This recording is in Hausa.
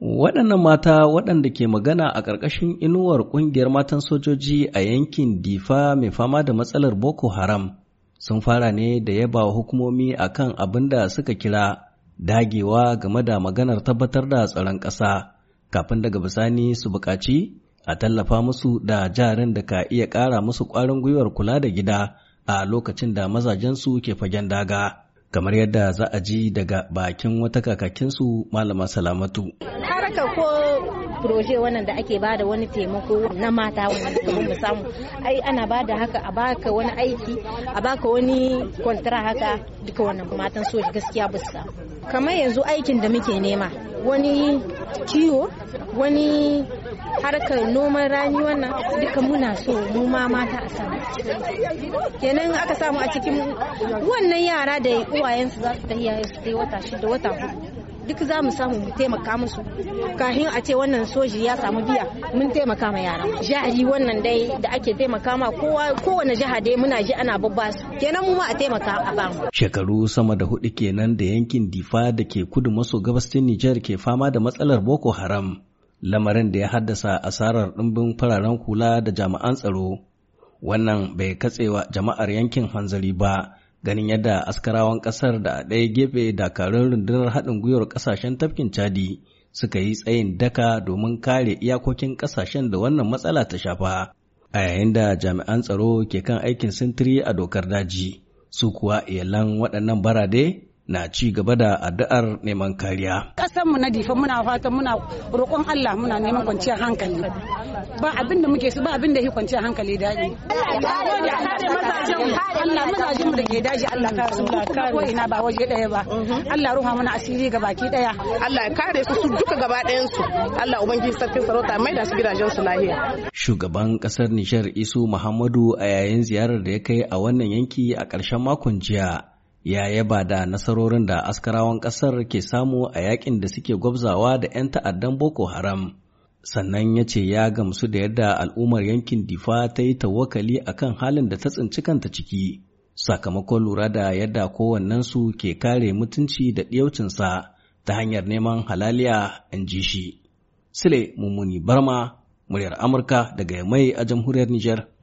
Waɗannan mata waɗanda ke magana a ƙarƙashin inuwar ƙungiyar matan sojoji a yankin Difa mai fama da matsalar Boko Haram sun fara ne da yaba hukumomi a kan abin da suka kira dagewa game da maganar tabbatar da tsaron ƙasa kafin daga bisani su buƙaci a tallafa musu da jarin da ka iya ƙara musu ƙwarin gwiwar kula da gida a lokacin da mazajensu ke fagen daga. kamar yadda za a ji daga bakin wata kakakinsu malama salamatu haka ko proje wannan da ake bada wani taimako na mata wani mu samu ai ana bada haka a baka wani aiki a baka wani kwantara haka duka wannan matan so gaskiya su kamar yanzu aikin da muke nema wani kiwo wani harkar noman rani wannan duka muna so mu ma mata a samu kenan aka samu a cikin wannan yara da uwayensu za su tafiya su kai wata shida wata hudu duk za mu samu mu taimaka musu kafin a ce wannan soji ya samu biya mun taimaka ma yara jihari wannan dai da ake taimaka ma kowa kowane jiha dai muna ji ana babba su kenan mu ma a taimaka a ba shekaru sama da hudu kenan da yankin difa da ke kudu maso gabashin Nijar ke fama da matsalar Boko Haram lamarin da ya haddasa asarar ɗimbin fararen kula da jami'an tsaro wannan bai katsewa jama'ar yankin hanzari ba ganin yadda askarawan kasar da a ɗaya gefe dakarun rundunar haɗin gwiwar ƙasashen tafkin Chadi suka yi tsayin daka domin kare iyakokin ƙasashen da wannan matsala ta shafa a yayin da jami'an tsaro ke kan aikin sintiri a dokar daji su kuwa iyalan waɗannan barade na ci gaba da addu'ar neman kariya. Ƙasanmu na difa muna fatan muna roƙon Allah muna neman kwanciyar hankali. Ba abin da muke su ba abin da ya kwanciyar hankali daɗi. Allah mazajin mu da ke daji Allah ka su kuma ko ina ba waje daya ba Allah ruha mana asiri ga baki daya Allah ya kare su su duka gaba ɗayan su Allah ubangiji sarkin sarauta mai da su gidajen su lahiya shugaban kasar Nijar Isu Muhammadu a yayin ziyarar da ya kai a wannan yanki a ƙarshen makon jiya ya yaba da nasarorin da askarawan ƙasar ke samu a yakin da suke gwabzawa da 'yan ta'addan boko haram sannan ya ce ya gamsu da yadda al'ummar yankin difa ta yi tawakali a kan halin da ta tsinci kanta ciki sakamakon lura da yadda kowannensu ke kare mutunci da ɗiyaucinsa ta hanyar neman halaliya in ji shi. Sile Mummuni Barma, muryar Amurka daga mai a jamhuriyar Nijar.